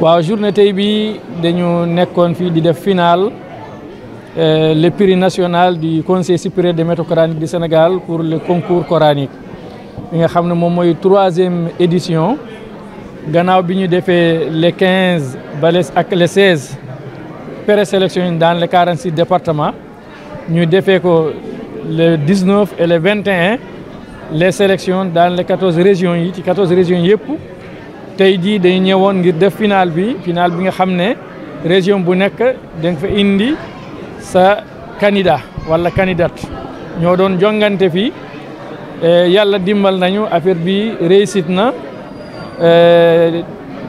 waaw journée tey bi dañu nekkoon fii di def final euh, le prix national du conseil supérieur des maîtres coraniques du Sénégal pour le concours coranique bi nga xam ne moom mooy troisième édition gannaaw bi ñu defee le quinze bales ak les seize présélection dans le quarante six départements ñu defee ko le dix neuf le vingt et les sélections dans le quatorze régions yi ci quatorze régions yëpp tey jii dañu ñëwoon ngir def final bi final bi nga xam ne région bu nekk da fa indi sa kanida wala candidate ñoo doon jongante fii eh, yàlla dimbal nañu affaire bi réussite na eh,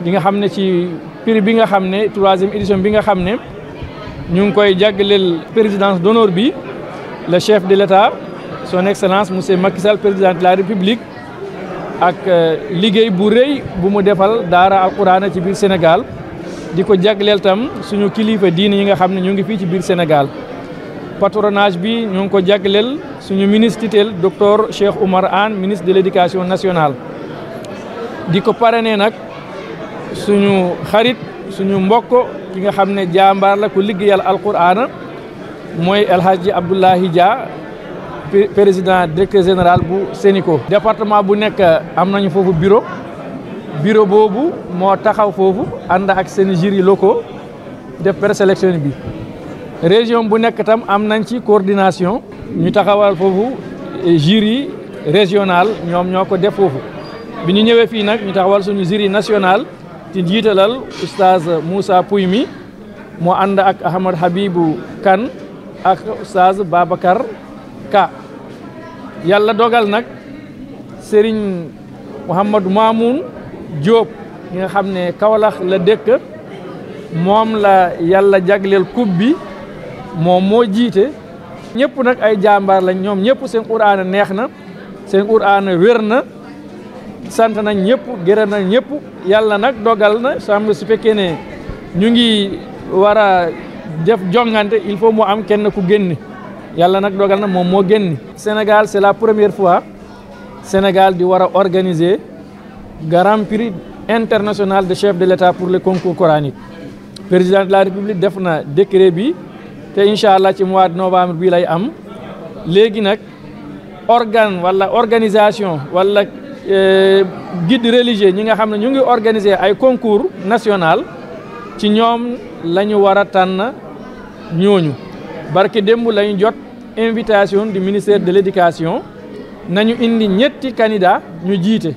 li nga xam ne ci prix bi nga xam ne troisième édition bi nga xam ne ñu ngi koy jagleel présidence donor bi le chef de l'État son excellence monsieur Macky Sall président de la république ak euh, liggéey bu rëy bu mu defal daara alquraana ci biir Sénégal di ko jagleel tam suñu kilifa diine yi nga xam ne ñu ngi fii ci biir Sénégal patronage bi ñu ngi ko jagleel suñu ministre tutelle docteur Cheikh Oumar Anne ministre de l'éducation nationale di ko parrainé nag suñu xarit suñu mbokk ki nga xam ne jàmbaar la ku liggéeyal alquraana mooy El Hadji Abdoulahi jaa président directeur général bu Sénico département bu nekk euh, am nañu foofu bureau bureau boobu moo taxaw foofu ànd ak seen jury locaux def présélection bi région bu nekk tam am nañ ci coordination ñu taxawal foofu euh, jury régional ñoom ñoo ko def foofu bi ñu ñëwee fii nag ñu taxawal suñu jury national ci jiitalal oustaz Moussa Pouy mi moo ànd ak Ahmad Habibou Kane ak oustaz Babacar ka yàlla dogal nag Serigne Mouhamadou Mamoun Diop ñi nga xam ne Kawlax la dëkk moom la yàlla jagleel coupe bi moom moo jiite ñëpp nag ay jàmbaar lañ ñoom ñëpp seen quraan neex na seen quraan wér na sant nañ ñëpp gërëm nañ ñëpp yàlla nag dogal na sam su fekkee ne ñu ngi war a def jongante il faut mu am kenn ku génn yàlla nag doogal na moom moo génn Sénégal c'est la première fois Sénégal di war a organiser grand prix international de chef de l'État pour le concours coranique président de la République def na décret bi te incha allah ci mois de novembre bii lay am léegi nag organ walla organisation wala euh, guide religieux ñi nga xam ne ñu ngi organiser ay concours national ci ñoom la ñu war a tànn ñooñu barke démb lañu jot invitation du ministère de l'éducation nañu indi ñetti candidat ñu jiite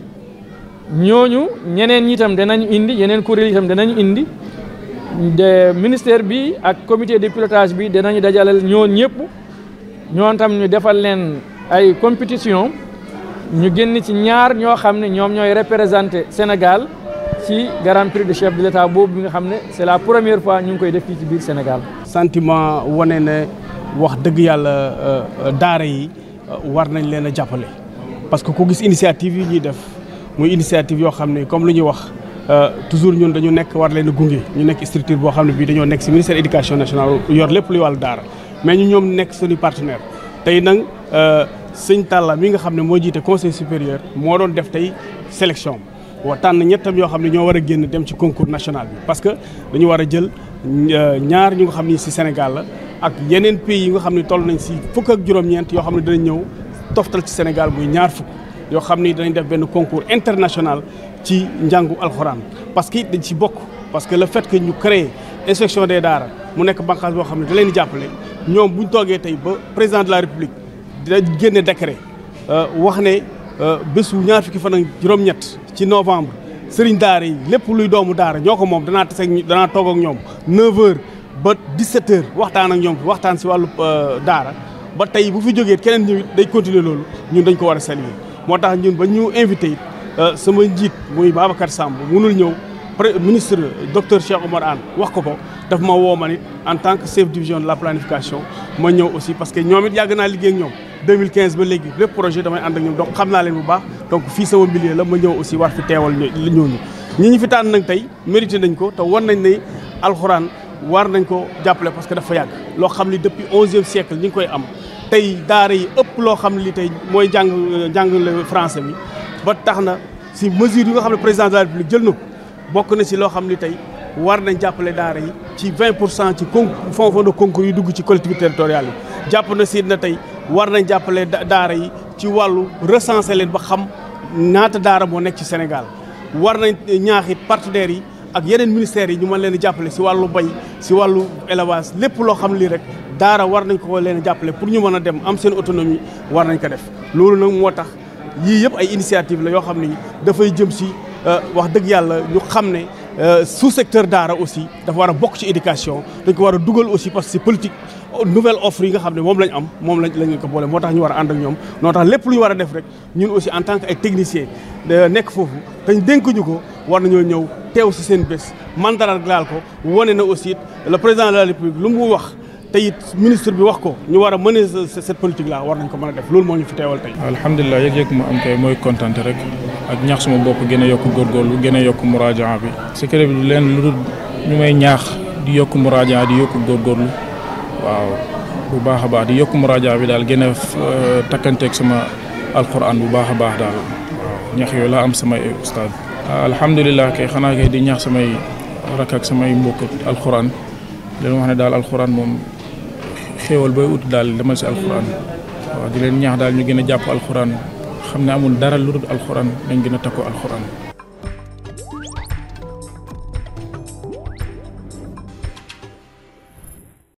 ñooñu ñeneen ñi itam danañu indi yeneen kuréel yi itam danañu indi de ministère bi ak comité de pilotage bi danañu dajalal ñoo ñëpp ñoon tam ñu defal leen ay compétition ñu génn ci ñaar ñoo xam ne ñoom ñooy représenté Sénégal ci Grand Prix de chef de l'État boobu bi nga xam ne c'est la première fois ñu ngi koy def fii ci biir Sénégal. sentiment wone ne. wax dëgg yàlla euh, euh, daara yi euh, war nañ leen a jàppale parce que ku gis initiative yi ñuy def muy initiative yoo xam ne comme lu ñuy wax toujours ñun dañu nekk war leen a gunge ñu nekk structure boo xam ne bii dañoo nekk si ministère éducation nationale yor lépp luy wàllu daara mais ñu ñoom nekk suñu partenaire tey nag sëñ Talla mi nga xam ne moo jiite conseil supérieur moo doon def tey sélection waa tànn ñettam yoo xam ne ñoo war a génn dem ci concours national bi parce que dañu war a jël euh, ñaar ñu nga xam ni si Sénégal ak yeneen pays yi nga xam ne toll nañ si fukk ak juróom-ñeent yoo xam ne danañ ñëw toftal ci Sénégal muy ñaar fukk yoo xam ni danañ def benn concours international ci njàngu alxuraan parce que dañ ci bokk parce que le fait que ñu créé inspection des daara mu nekk bànqaas boo xam ne da leen di jàppale ñoom bu ñu toogee tey ba président de la république dina génne décret euh, wax ne euh, bésu bu ñaar fukki fan ak juróom ci novembre sëriñ daara yi lépp luy doomu daara ñoo ko moom danaa tase ak danaa toog ak ñoom 9h ba 17h waxtaan ak ñoom waxtaan si wàllu euh, daara ba tey bu fu jógee keneen ñëw day continuer loolu ñun dañ ko war a saluer moo tax ñun ba ñu invité euh, sama njiit muy Babacar Samb munul ñëw ministre docteur Cheikh Oumar Anne wax ko ko daf ma woo ma nit en tant que chef division de la planification ma ñëw aussi parce que ñoom it yàgg naa liggéey ak ñoom 2015 ba léegi lépp projet damay ànd ak ñoom donc xam naa leen bu baax donc fii sama milieu la ma aussi war fi teewal ñooñu ñi ñu fi tànn nañ tey mérité nañ ko te war nañ ne alxuraan war nañ ko jàppale parce que dafa yàgg loo xam ni depuis onzième siècle ñu ngi koy am tey daara yi ëpp loo xam li tey mooy jàng jàngale français bi ba tax na si mesure yi nga xam ne président de la république jël na bokk na si loo xam ni tey war nañ jàppale daara yi ci 20 pour cent ci con fonds de concours yi dugg ci collectivité territoriale yi jàpp na siit na tey war nañ jàppale daara yi ci wàllu recenser leen ba xam naata daara boo nekk ci Sénégal war nañ ñaaxit partenaires yi ak yeneen ministères yi ñu mën leen a jàppale si wàllu bay si wàllu élevage lépp loo xam li rek daara war nañ ko leen jàppale pour ñu mën a dem am seen autonomie war nañ ko def loolu nag moo tax yii yëpp ay initiative la yoo xam ne dafay jëm si euh, wax dëgg yàlla ñu xam ne Euh, su secteur daara aussi dafa war a bokk ci éducation dañ ko war a dugal aussi parce que politique euh, nouvelle offre yi nga xam ne moom lañ am moom lañ lañ ko boole moo tax ñu war a ànd ak ñoom noo tax lépp lu war a def rek ñun aussi en tant que ay technicien nekk foofu te ñu dénk ñu ko war nañoo ñëw teew si seen bés mandaral laal ko wane na aussi le président de la république lu mu wax te it ministre bi wax ko ñu war a mën cette politique là war nañ ko mën a def loolu moo ñu fi teewal tey. alhamdulilah yëg-yëg mu am kay mooy kontaan rek ak ñaax suma bopp gën a yokk góorgóorlu gën a yokk muraajaa bi. secret bi leen lu ñu may ñaax di yokk muraajaa di yokk góorgóorlu waaw baax a baax di yokk muraajaa bi daal gën a euh, takkanteeg sama alquran bu baax a baax daal ñax yooyu laa am samay ustaad. Ah, alhamdulilah xanaa kay di ñaax samay rakk ak samay mbokk alquran leen wax ne daal alquran moom. xéewal booy ut daal demal si alxuraan waaw di leen ñaax daal ñu gën a jàpp alxuraan xam ne amul dara lu dul alxuraan dañ gën a takku alxuraan